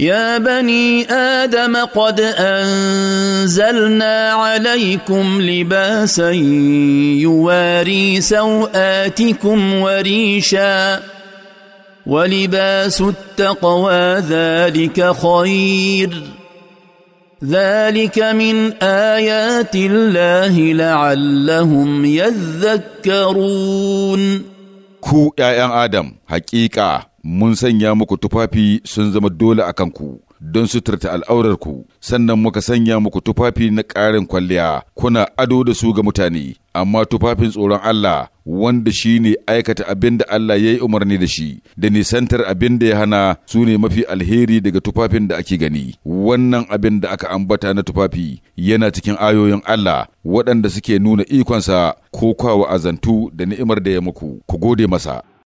يا بني ادم قد انزلنا عليكم لباسا يواري سواتكم وريشا ولباس التقوى ذلك خير ذلك من ايات الله لعلهم يذكرون كو يا ادم حقيقه mun sanya muku tufafi sun zama dole a kanku don suturta al'aurarku, sannan muka sanya muku tufafi na ƙarin kwalliya, kuna ado da su ga mutane, amma tufafin tsoron Allah wanda shi ne aikata abin da Allah ya yi umarni da shi, da nisantar abin da ya hana su ne mafi alheri daga tufafin da ake gani. Wannan abin da aka ambata na tufafi yana cikin ayoyin Allah waɗanda suke nuna ikonsa ko kwawa azantu da ni'imar da ya muku, ku gode masa.